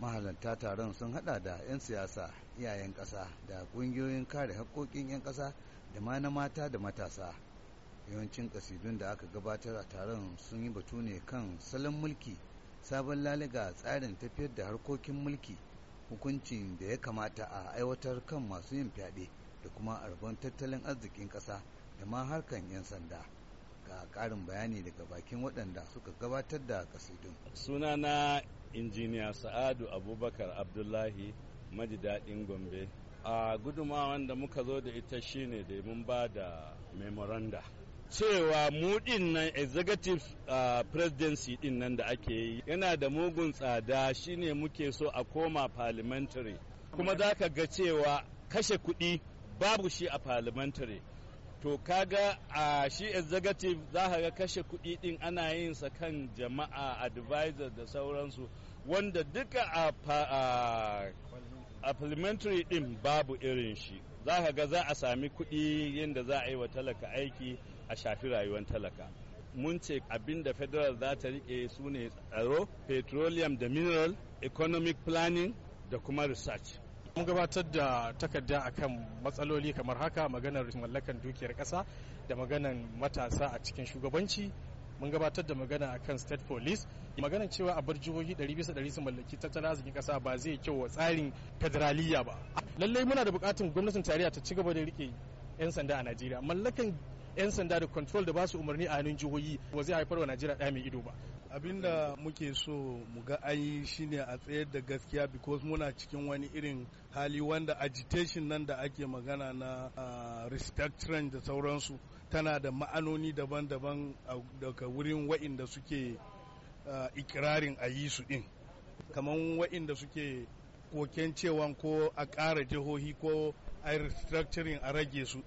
mahalarta taron sun hada da 'yan siyasa iyayen ƙasa da ƙungiyoyin kare haƙƙoƙin 'yan ƙasa da ma na mata da matasa yawancin ƙasidun da aka gabatar a taron sun yi batu ne kan salon mulki sabon laliga tsarin tafiyar da harkokin mulki hukuncin da ya kamata a aiwatar kan masu yin fyaɗe da kuma arbon tattalin arzikin ƙasa da ma harkan 'yan sanda ga ƙarin bayani daga bakin waɗanda suka gabatar da kasidun na. injiniya sa'adu abubakar abdullahi majidadin gombe a guduma da muka zo da ita shine da mun ba da memoranda cewa mu na nan executive uh, presidency din nan da ake yi yana da mugun tsada shine muke so a koma parliamentary kuma za ka ga cewa kashe kuɗi babu shi a parliamentary to kaga a shi executive za ka ga kashe kuɗi ɗin ana yin sa kan jama'a advisor da sauransu wanda duka a parliamentary ɗin babu irin shi za ka ga za a sami kuɗi yadda za a yi wa talaka aiki a shafi rayuwar talaka mun ce abin federal za ta riƙe su ne tsaro petroleum da mineral economic planning da kuma research mun gabatar da takarda akan matsaloli kamar haka maganar mallakan dukiyar kasa da maganar matasa a cikin shugabanci mun gabatar da magana akan state police maganar cewa a bar jihohi 100 su mallaki tattalin arzikin kasa ba zai kyau wa tsarin federaliya ba lallai muna da bukatun gwamnatin tarayya ta ci gaba da rike yan sanda a Najeriya mallakan yan sanda da control da ba su umarni a hannun jihohi ba zai haifar wa Najeriya ɗaya mai ido ba abinda muke so mu ga an yi shine a tsayar da gaskiya because muna cikin wani irin hali wanda agitation nan da ake magana na uh, restructuring da sauransu tana da ma'anoni daban-daban daga wurin wa'inda suke uh, ikirarin a yi su din kamar wa'inda suke koken cewa ko a ƙara jihohi ko a restructuring a rage su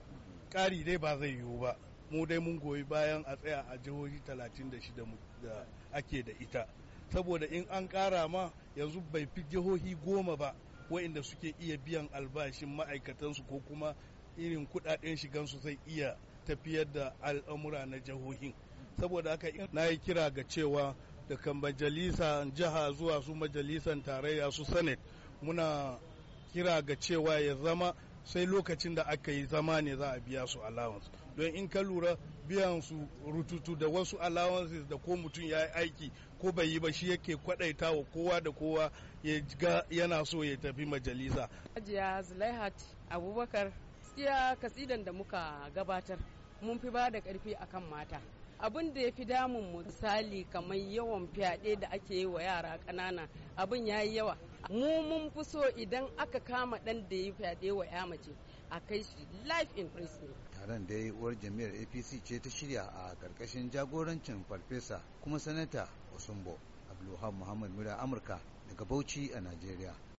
ƙari dai ba zai yiwu ba mu dai mun goyi bayan a tsaya a jihohi 36 da ake da ita saboda in an kara ma yanzu bai fi jihohi goma ba wa'inda suke iya biyan albashin ma'aikatansu ko kuma irin kuɗaɗen shigansu zai iya tafiyar da al'amura na jihohin saboda haka na yi kira ga cewa daga majalisan jiha zuwa su majalisan tarayya su senate muna kira ga cewa ya zama sai lokacin da aka yi zama ne za a biya su allowance don in ka lura biyan su rututu da wasu allowances da ko mutum ya yi aiki ko bai yi ba shi yake kwadaita wa kowa da kowa ya ga yana so ya tafi majalisa. ajiya Zulaihat Abubakar, siya kasidan da muka gabatar mun fi ba da karfi akan mata. abin da ya fi damun misali kamar yawan fyaɗe da ake yi wa yara ƙanana abin ya yi yawa mu mun fi so idan aka kama ɗan da ya fyaɗe wa ya mace a kai shi life in prison taron da ya uwar jami'ar apc ce ta shirya a ƙarƙashin jagorancin farfesa kuma sanata osumbo abdulhamid muhammad mura amurka daga bauchi a najeriya